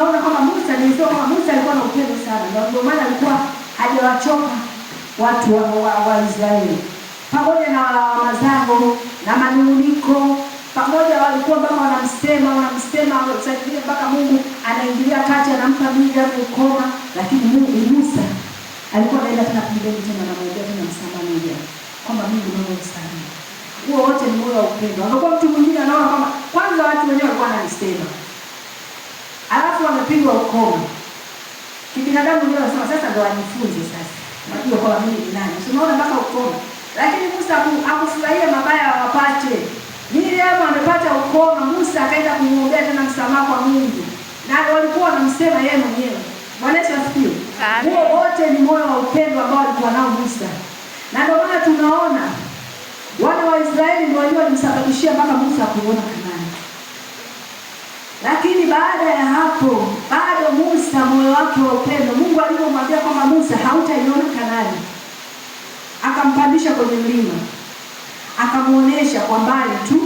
tunaona kwamba Musa, nilisema kwamba Musa alikuwa na upendo sana, Na ndio maana alikuwa hajawachoka watu wa, wa, wa Israeli pamoja na wala wa mazao na manuniko pamoja, walikuwa kama wanamsema wanamsema wanamsaidia mpaka Mungu anaingilia kati anampa muda kukoma, lakini Mungu Musa alikuwa anaenda tena kumbele tena na mmoja tena msamamaja kwamba Mungu ndio msamamaja. Huo wote ni moyo wa upendo. Angekuwa mtu mwingine anaona kama kwanza watu wenyewe walikuwa wananisema alafu wamepigwa ukoma kibinadamu, ndio anasema sasa ndio wajifunze sasa, unajua kwa mimi ni nani, unaona mpaka ukoma. Lakini Musa hakufurahia mabaya awapate. Miriamu amepata ukoma, Musa akaenda kumuombea tena msamaha kwa Mungu, na walikuwa wanamsema yeye mwenyewe. Bwana Yesu asifiwe. Huo wote ni moyo wa upendo ambao walikuwa nao Musa, na ndio maana tunaona wana wa Israeli ndio waliomsababishia mpaka Musa kuona Kanaani. Lakini baada ya hapo bado Musa moyo wake wa upendo, Mungu alipomwambia kwamba Musa, hautaiona kanani akampandisha kwenye mlima, akamwonyesha kwa mbali tu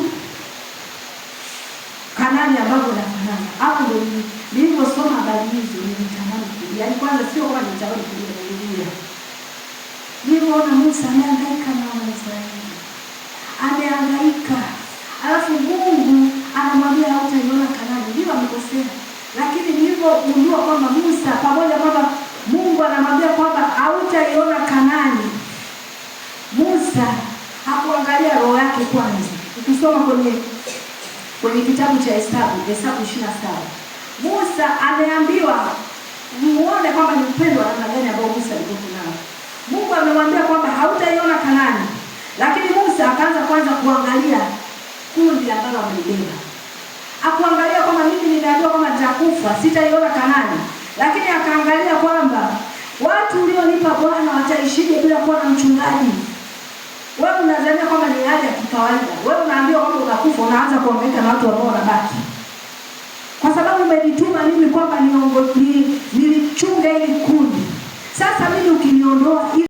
kanani ambavyo nafanana hapo. Ndio nilivyosoma habari hizo nilitamani kuja, yaani kwanza sio kwa nitaona kuja kuja, nilivyoona Musa anahangaika na Waisraeli mkosea lakini nilivyogundua kwamba Musa pamoja kwamba Mungu anamwambia kwamba hautaiona Kanani, Musa hakuangalia roho yake kwanza. Ukisoma kwenye kwenye kitabu cha Hesabu, Hesabu ishirini na saba Musa ameambiwa muone kwamba ni upendo wa namna gani ambao Musa alikuwa nao. Mungu amemwambia kwamba hautaiona Kanani, lakini Musa akaanza kwanza kuangalia kundi ambalo amelibeba taifa, sitaiona Kanani, Lakini akaangalia kwamba watu ulionipa Bwana wataishije bila kuwa na mchungaji? Wewe unazania kwamba ni hali ya kikawaida. Wewe unaambiwa kwamba unakufa, unaanza kuongeka na watu ambao wanabaki, kwa sababu umejituma mimi kwamba niongozi